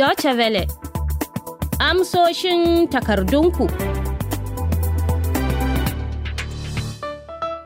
Deutsche Welle Amsoshin takardunku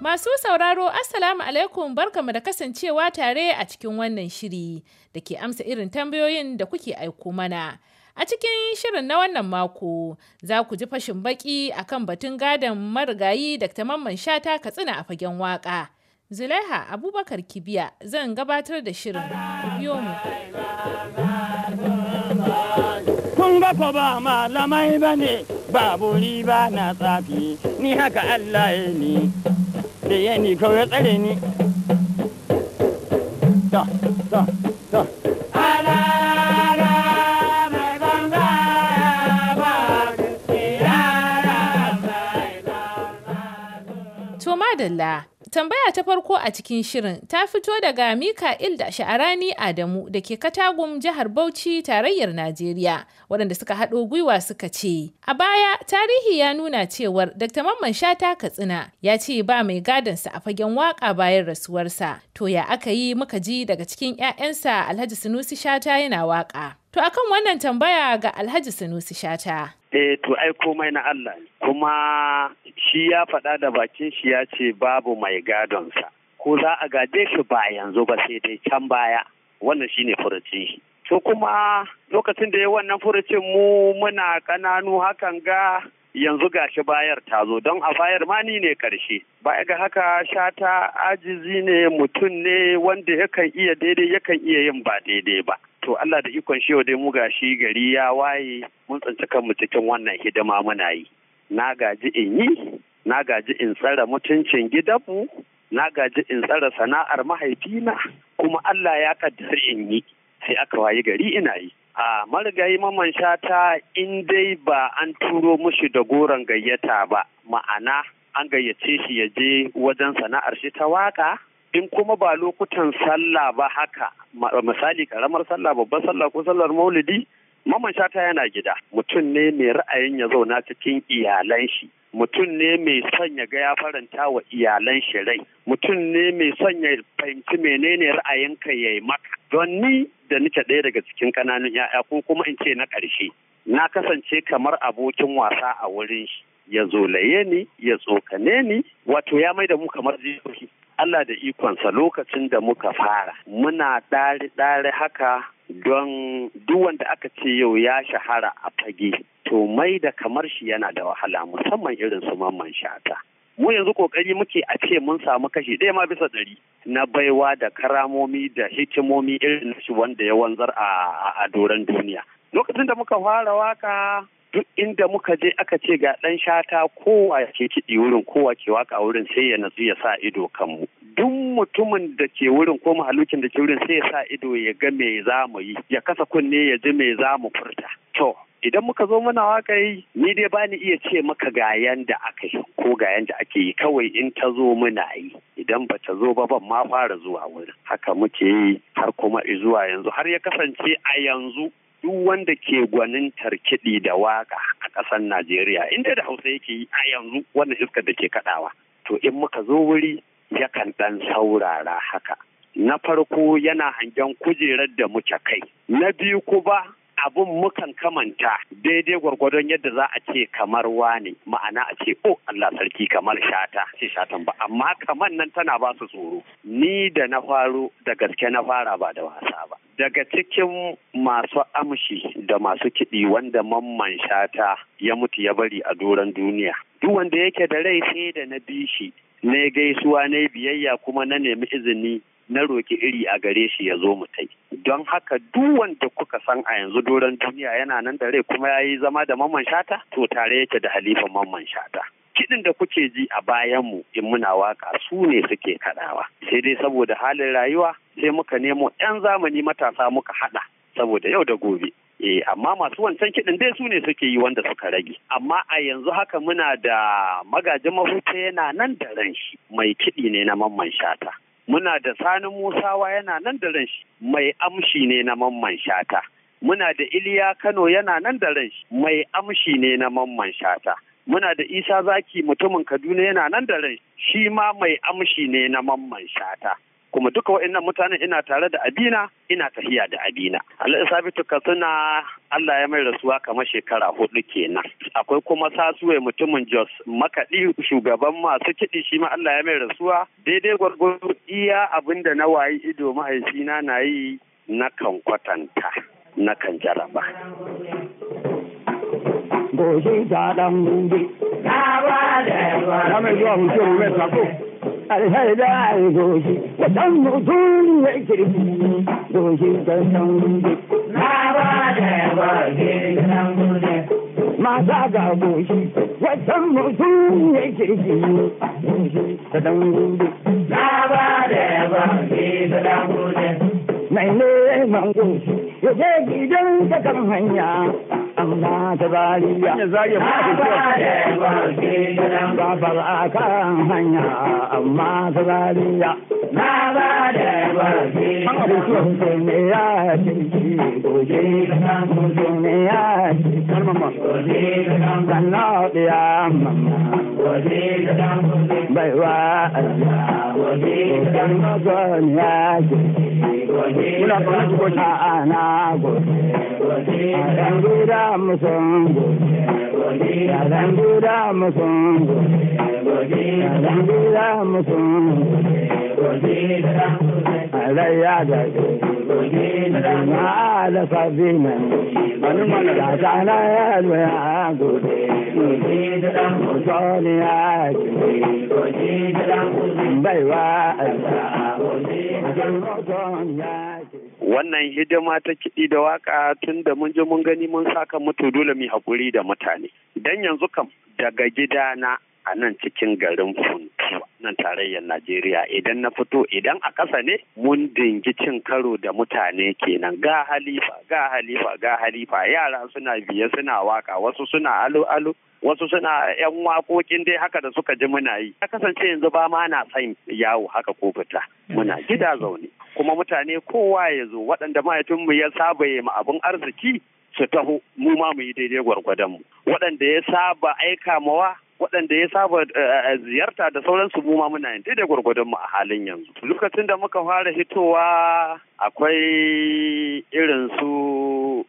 Masu sauraro Assalamu alaikum barkamu da kasancewa tare a cikin wannan shiri da ke amsa irin tambayoyin da kuke aiko mana. A cikin shirin na wannan mako za ku ji fashin baki a kan batun gadon marigayi Dr. Mamman Shata Katsina a fagen waka. Zulaiha Abubakar Kibiya zan gabatar da shirin. Biyo mu. ko ba malamai ba ne babu riba na tsafi ni haka Allah ya ni da ya ni kawai tsare ni ta ta ta Tambaya ta farko a cikin shirin ta fito daga Mika'il da Sha'arani Adamu da ke Katagun jihar Bauchi tarayyar Najeriya waɗanda suka haɗo gwiwa suka ce. A baya tarihi ya nuna cewar Dr. Mamman Shata Katsina ya ce ba mai gadansa a fagen waka bayan rasuwarsa. To ya aka yi muka ji daga cikin 'ya'yansa Alhaji Sunusi Shata yana waka. To akan wannan tambaya ga Alhaji Sanusi Shata. eh to ai komai na Allah kuma shi ya faɗa da bakin shi ya ce babu mai gadonsa ko za a gaje shi ba yanzu ba sai dai can baya wannan shine furuci to kuma lokacin da ya wannan furucin mu muna kananu hakan ga yanzu gashi bayar ta zo don a bayar mani ne karshe baya ga haka shata ajizi ne mutum ne wanda yakan iya daidai yakan iya yin ba daidai ba to Allah da ikon shi dai muga shi gari ya waye mun tsanci kanmu cikin wannan hidima muna yi na gaji in yi na gaji in tsara mutuncin gidanmu na gaji in tsara sana'ar mahaifina kuma Allah ya kaddar in yi sai aka wayi gari ina yi a marigayi maman shata in dai ba an turo mushi da goron gayyata ba ma'ana an gayyace shi ya je wajen sana'ar shi ta waka in kuma ba lokutan sallah ba haka misali karamar sallah babbar sallah ko sallar maulidi maman shata yana gida mutum ne mai ra'ayin ya zauna cikin iyalan shi mutum ne mai son ya ga ya faranta wa iyalan shi rai mutum ne mai son fahimci menene ra'ayin ka yayi maka don ni da nake ɗaya daga cikin ƙananan 'ya'ya ko kuma in ce na ƙarshe na kasance kamar abokin wasa a wurin shi ya zolaye ni ya tsokane ni wato ya mai da mu kamar jikoki Allah da ikonsa lokacin da muka fara muna ɗari-ɗari haka don duk wanda aka ce yau ya shahara a fage to mai da kamar shi yana da wahala musamman irin su mamman shata. mu yanzu kokari muke a ce mun samu kashi ɗaya ma bisa ɗari na baiwa da karamomi da hikimomi irin shi wanda ya wanzar a doron duniya lokacin da muka fara waka duk inda muka je aka ce ga ɗan shata kowa ke kiɗi wurin kowa ke waka wurin sai ya natsu ya sa ido kanmu duk mutumin da ke wurin ko mahalukin da ke wurin sai ya sa ido ya ga me za mu yi ya kasa kunne ya ji me za mu furta to idan muka zo muna waka yi ni dai ba ni iya ce maka ga yanda aka yi ko ga yanda ake yi kawai in ta zo muna yi idan ba ta zo ba ban ma fara zuwa wurin haka muke yi har kuma zuwa yanzu har ya kasance a yanzu duk wanda ke gwanin tarkiɗi da waka a ƙasar Najeriya inda da Hausa yake yi a yanzu wannan iskar da ke kaɗawa. To in muka zo wuri yakan ɗan saurara haka. Na farko yana hangen kujerar da muke kai. Na biyu ku ba. abun mukan kamanta daidai gwargwadon yadda za a ce kamar wane ma'ana a ce oh Allah sarki kamar shata ce shatan ba amma kamar nan tana ba su tsoro ni da na faro da gaske na fara ba da wasa ba daga cikin masu amshi da masu kiɗi wanda mamman shata ya mutu ya bari a doron duniya duk wanda yake da rai sai da na bi shi ne gaisuwa ne biyayya kuma na nemi izini na roki iri a gare shi ya zo mu don haka duk wanda kuka san a yanzu doron duniya yana nan da rai kuma yayi zama da mamman shata to tare yake da halifan mamman shata kiɗin da kuke ji a bayanmu in muna waka su ne suke kaɗawa sai dai saboda halin rayuwa sai muka nemo 'yan zamani matasa muka haɗa saboda yau da gobe eh amma masu wancan kiɗin dai su ne suke yi wanda suka rage amma a yanzu haka muna da magajin mahuta yana nan da ran shi mai kiɗi ne na mamman shata muna da sani musawa yana nan da ran shi mai amshi ne na mamman shata muna da iliya kano yana nan da ran shi mai amshi ne na mamman shata muna da isa zaki mutumin kaduna yana nan da ran shi ma mai amshi ne na mamman shata kuma duka waɗannan mutanen ina tare da abina ina tafiya da abina alhaji sabitu suna allah ya mai rasuwa kamar shekara hudu kenan akwai kuma sasuwe mutumin jos makaɗi shugaban masu kiɗi shi ma allah ya mai rasuwa daidai gwargwaro iya abin da na wayi ido mahaifina na yi na kan kwatanta na kan jaraba Gobe da ɗan gobe. Na ba da yawa. Na mai zuwa hujjar Rumet Sako. da alharda goshi ya san mutum ya kirki goshi ta san na ba da ba za ga goshi ya san mutum ya kirki goshi ta dan gobe na ba da ba ta dan gobe mai neman goshi ya je gidan ka kan hanya amma ta bariya ya zage ba da Kafar a kan hanya amma zariya. Na ba da barfi. Mutum ne ya shirki goje. Mutum ne ya shirki goje. Sannan ya Goje. Goje. ya Muna ƙaunar su koshi. A'a na gode. A ɗan guda musun. A ɗan guda musun. A ɗan guda Ma'a da sabi Wani mana da ta na yalwa ya wannan hidima ta kiɗi da waka tun da mun je mun gani mun saka mutu dole mu haƙuri da mutane dan yanzu kam daga gidana a nan cikin garin funtu nan tarayyar najeriya idan na fito idan a ƙasa ne mun dingi cin karo da mutane kenan ga halifa ga halifa ga halifa yara suna biye suna waka wasu suna alo alo wasu suna yan waƙoƙin dai haka da suka ji muna yi ta kasance yanzu ba ma na son yawo haka ko fita muna gida zaune kuma mutane kowa ya zo waɗanda mu ya saba yi ma abin arziki su taho mu ma mu yi daidai gwargwadon mu waɗanda ya saba aika mawa waɗanda ya saba eh, ziyarta da sauransu mu ma muna yin daidai gwargwadon mu a halin yanzu lokacin da muka fara hitowa akwai irin su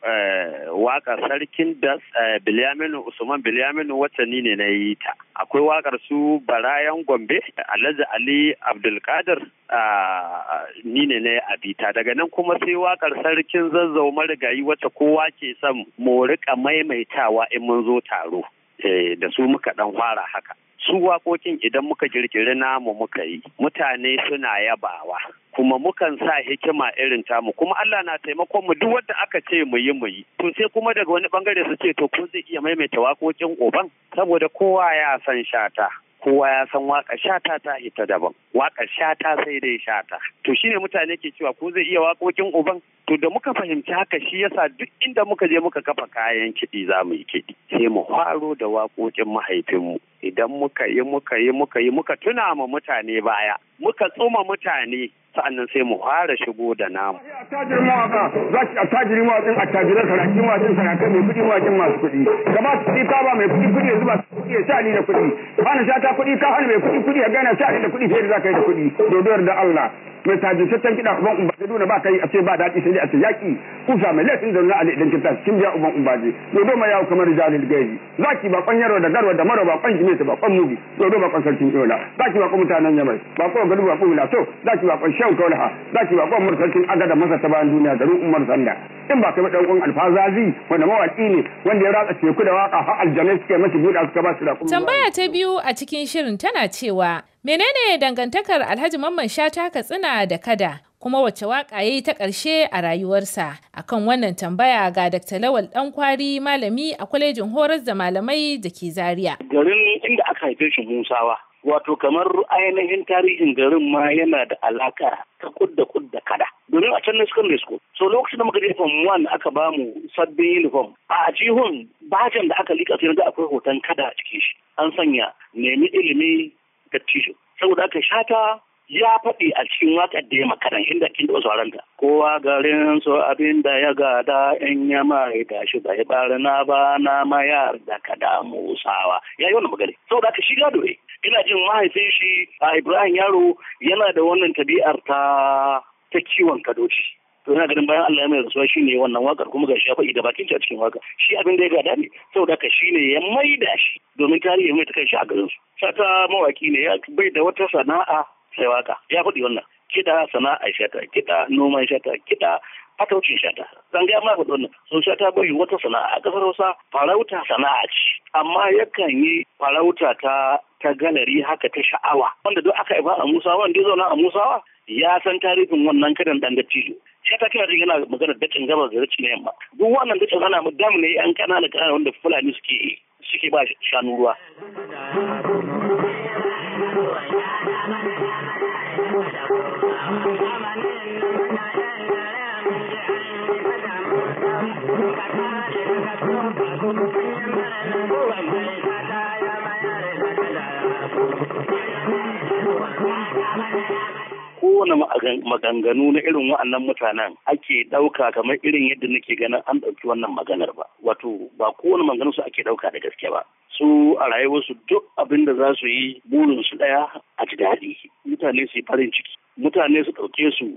eh, waka sarkin da eh, bilyaminu usman bilyaminu wacce ni ne na yi ta akwai wakar su barayan gombe alhaji ali abdulkadir ni ne na abita daga nan kuma sai waƙar sarkin zazzau marigayi wacce kowa ke son mu rika maimaitawa in mun zo taro Eh, da su muka dan fara haka su waƙoƙin idan muka kirkiri namu muka yi mutane suna yabawa kuma mukan sa hikima irin tamu kuma Allah na taimakon mu duk wanda aka ce mu yi mu yi to sai kuma daga wani bangare su ce to kun zai iya maimaita waƙoƙin oban saboda kowa ya san shata kowa ya san waka shata ta ita daban waka shata sai dai shata to shine mutane ke cewa ko zai iya waƙoƙin uban to da muka fahimci haka shi yasa duk inda muka je muka kafa kayan kiɗi za mu yi kiɗi sai mu faro da waƙoƙin mahaifinmu idan muka yi muka yi muka yi muka tuna ma mutane baya muka tsoma mutane sa'annan sai mu fara shigo da namu. za ki attajirin sarakin mai kuɗi mawakin masu kuɗi. Gaba su ta ba mai kuɗi kuɗi zuba su kuɗi sha ni da kuɗi. sha ta kuɗi ka hana mai kuɗi kuɗi ya gana sai da kuɗi sai da ka yi da kuɗi dodowar da Allah mai sajintaccen kiɗa uban umbaje dole ba kai a ce ba daɗi sai dai a ce yaƙi kusa mai laifin da ali idan kin tashi kin biya uban umbaje dole ma yawo kamar jalil gairi zaki ba kwan yaro da garwa da maro ba kwan jimeta ba kwan mubi dodo ba kwan sarkin yola zaki ba kwan mutanen yamai ba kwan gadu ba kwan zaki ba kwan shehu kaulaha zaki ba kwan mursalkin agada masa ta bayan duniya garin umar sanda in ba kai ba dan uwan alfazazi wanda mawaƙi ne wanda ya ratsa teku da waka har aljanai suke masa buɗa suka ba su da tambaya ta biyu a cikin shirin tana cewa Menene dangantakar Alhaji Mamman Shata Katsina da Kada? Kuma wacce waƙa yayi ta ƙarshe a rayuwarsa? Akan wannan tambaya ga Dr. Lawal Ɗankwari malami a kwalejin horar da malamai da ke Zaria. Garin inda aka haife shi Musawa. Wato kamar ainihin tarihin garin ma yana da alaka ta kudda kudda kada. Domin a can ne secondary school. So lokacin da muka je form one aka bamu sabbin uniform. A jihun bajan da aka liƙa sai akwai hoton kada a cikin shi. An sanya nemi ilimi dattijo saboda aka shata ya faɗi a cikin waƙar da ya makaran inda kin da wasu ta kowa garin so abin da ya gada in ya mai da shi bai na ba na mayar da ka da musawa ya yi wani magani. saboda aka shiga dore ina jin mahaifin shi a ibrahim yaro yana da wannan tabi'ar ta ta kiwon kadoci to ina ganin bayan Allah ya mai rasuwa shine wannan wakar kuma gashi ya faɗi da bakin a cikin waka shi abin da ya gada ne saboda shi shine ya maida shi domin tarihi mai ta kai shi a garin su sata mawaki ne ya bai da wata sana'a sai waka ya faɗi wannan kiɗa sana'a shata kiɗa noman shata kiɗa fataucin shata zan ga ma faɗi wannan sun shata bai wata sana'a a ƙasar Hausa farauta sana'a ce amma yakan yi farauta ta ta galari haka ta sha'awa wanda duk aka yi ba a Musawa wanda ya zauna a Musawa ya san tarihin wannan kadan dan sai ta kai jin magana dacin gabas da dacin yamma duk wannan dacin ana mu ne kanana wanda fulani suke suke ba shanu ruwa Thank you. kowane maganganu na irin wa'annan mutanen ake ɗauka kamar irin yadda nake ganin an ɗauki wannan maganar ba wato ba kowane maganar su ake ɗauka da gaske ba su a rayuwarsu duk abin da za su yi burin su ɗaya a ji daɗi mutane su yi farin ciki mutane su ɗauke su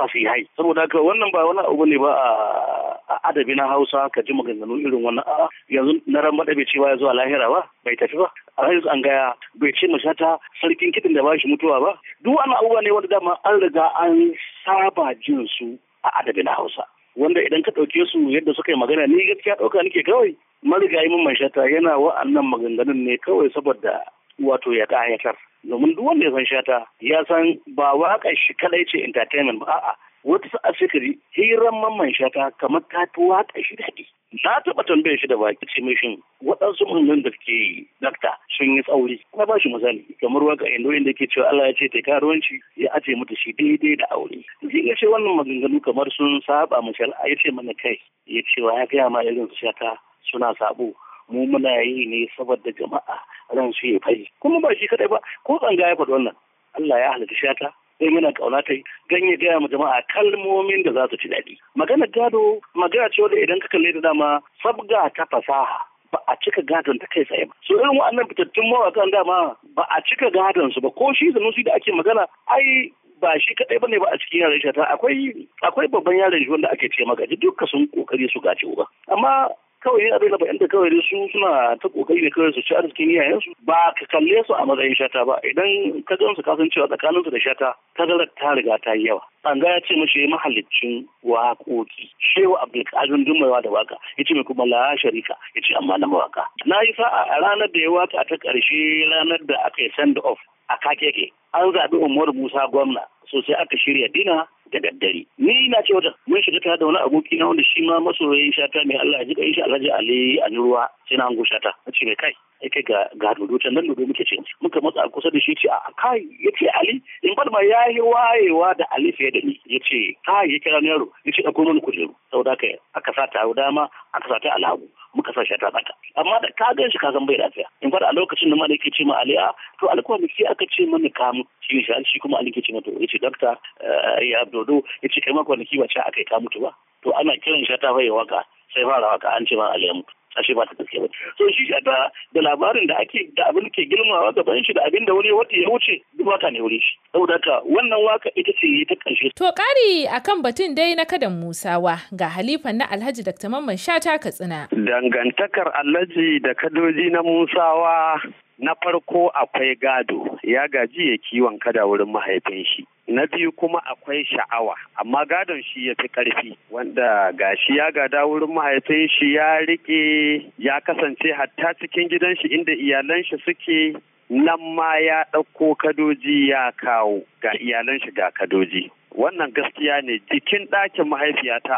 fasihai saboda haka wannan ba wani abu ne ba a adabi na hausa ka ji maganganu irin wannan a'a yanzu na ran bai cewa ya zuwa lahira ba bai tafi ba a yanzu an gaya bai ce shata sarkin kiɗin da ba shi mutuwa ba duk wani abubuwa ne wanda dama an riga an saba jin su a adabi na hausa wanda idan ka ɗauke su yadda suka yi magana ni gaskiya ɗauka nake kawai marigayi mun mashata yana wa'annan maganganun ne kawai saboda wato ya ƙayatar domin duk wanda ya san shata ya san ba waƙar shi kadai ce entertainment ba a'a wata sa'a sai hiran mamman shata kamar ta fi waƙa shi daɗi. Na taɓa tambayar shi da baki ce mai shin waɗansu muhimman da ke dakta sun yi tsauri. Na ba shi misali kamar waka wani da ke cewa Allah ya ce ta karuwanci ya ace mata shi daidai da aure. Sai ya ce wannan maganganu kamar sun saba ma shari'a ya ce mana kai ya ce wa ya gaya ma irin shata suna sabo. Mu muna yi ne saboda jama'a ran su ya fari. Kuma ba shi kaɗai ba ko tsanga ya faɗi wannan. Allah ya halarci shata don yana ta ta ya gaya ma jama'a kalmomin da za su ci daɗi. Magana gado magana ce wanda idan ka kalle da dama sabga ta fasaha ba a cika gadon ta kai tsaye ba. So irin wannan fitattun mawaƙan dama ba a cika gadon su ba ko shi zanusi da ake magana ai ba shi kadai bane ba a cikin yaran shata akwai akwai babban yaran shi wanda ake ce maka duka sun kokari su gaci uba amma kawai yin available inda kawai dai su suna ta kokari ne kawai su ci arzikin iyayensu ba ka kalle su a matsayin shata ba idan ka gan su kasan cewa tsakaninsu da shata tazarar ta riga ta yi yawa banga ya ce mashi mahallicin waƙoƙi shehu abdulkadir dumawa da waka ya ce mai kuma la sharika ya ce amma na mawaka na yi sa'a a ranar da ya waka ta ƙarshe ranar da aka yi send off a kakeke an zaɓi umar musa gwamna sosai aka shirya dina da daddare ni na ce wata mun shiga ta da wani aboki na wanda shi ma masoyin shata mai Allah ya ji yi shi Alhaji Ali a ruwa sai na hango shata a ce mai kai kai ga ga dodo can nan dodo muke ce muka matsa kusa da shi ce a kai yace Ali in ya yayi wayewa da Ali fiye da ni yace kai ya kira yaro yace dauko mana kujeru saboda yi aka sa ta dama aka sa ta alabu muka sa shata tsaka amma da ka gan shi ka san bai lafiya zamfara a lokacin da mana yake ce ma aliya ah, to alkawali sai aka ce mani kamu shi ne shi kuma ali ke ce mata yace dakta eh, ya dodo yace kai ma kwanaki ba ce aka yi ka mutu ba to ana kiran shi ta fayi waka sai fara waka an ce ma aliya mutu ashe ba ta gaske ba so shi da da labarin da ake da abin ke girmawa gaban shi da abin da wani wata ya wuce duk waka ne wuri shi saboda haka wannan waka ita ce ta karshe to ƙari akan batun dai na kadan musawa ga halifan na alhaji dr mamman shata katsina. dangantakar alhaji da kadoji na musawa na farko akwai gado ya gaji ya kiwon kada wurin mahaifin shi na biyu kuma akwai sha'awa amma gadon shi ya fi ƙarfi wanda gashi ya gada wurin mahaifin shi ya riƙe ya kasance hatta cikin gidan shi inda iyalan shi suke nan ma ya ɗauko kadoji ya kawo ga iyalan shi ga kadoji wannan gaskiya ne jikin ɗakin mahaifiyata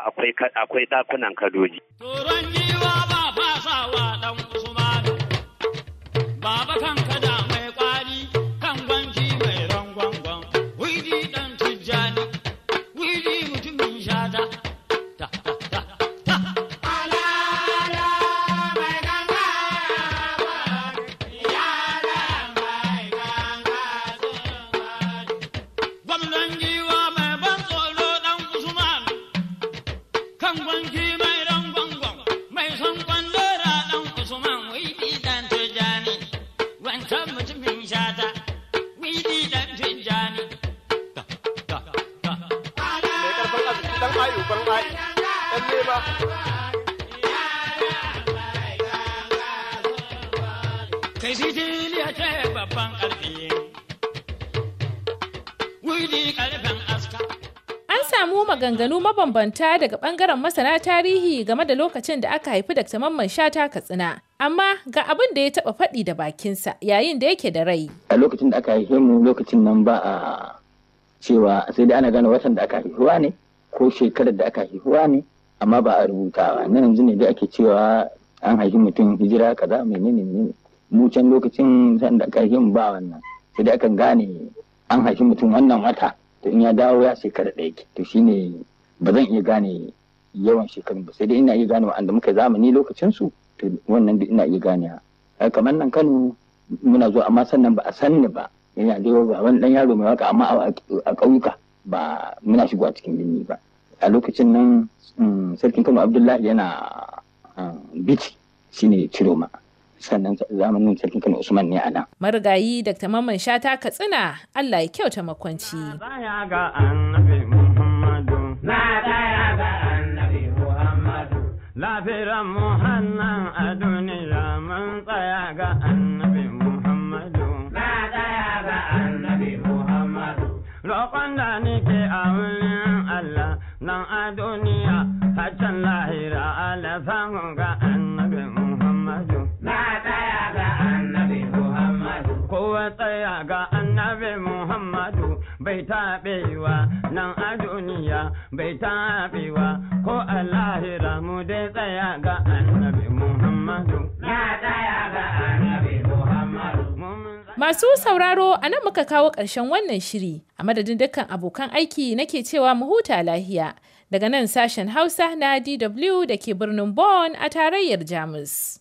akwai ɗakunan kadoji. ba baba kan ka An samu maganganu mabambanta daga ɓangaren masana tarihi game da lokacin da aka haifi Dr. Mamman Shata Katsina. amma ga abin da ya taɓa faɗi da bakinsa yayin da yake da rai. A lokacin da aka haife mu lokacin nan ba a cewa sai dai ana gane watan da aka haihuwa ne ko shekarar da aka haihuwa ne amma ba a rubuta ba na yanzu ne da ake cewa an haifi mutum hijira kaza menene ne mu can lokacin san da ba wannan sai da aka gane an haifi mutum wannan wata to in ya dawo ya shekara ɗaya ke to shine ba zan iya gane yawan shekarun ba sai dai ina iya gane wa'anda muka zamani lokacin su to wannan duk ina iya gane kamar nan Kano muna zuwa amma sannan ba a sanni ba yana da ba wani dan yaro mai waka amma a ƙauyuka ba muna shigo a cikin birni ba a lokacin nan mm, sarkin kano abdullahi yana um, bici shine ciroma sannan zamanin sarkin kano usman ne a nan. marigayi dr mamman shata katsina allah ya kyauta makwanci lafiyar muhannan a duniya mun tsaya ga annabi nan a duniya haccan lahira alasan ga annabi muhammadu na tsaya ga annabi muhammadu kowa tsaya ga annabi muhammadu bai taɓewa nan a duniya bai taɓewa ko a lahira mu dai tsaya ga annabi muhammadu na tsaya ga Masu sauraro a nan muka kawo ƙarshen wannan shiri a madadin dukkan abokan aiki nake cewa mu huta lahiya daga nan sashen Hausa na DW da ke birnin Bonn a tarayyar Jamus.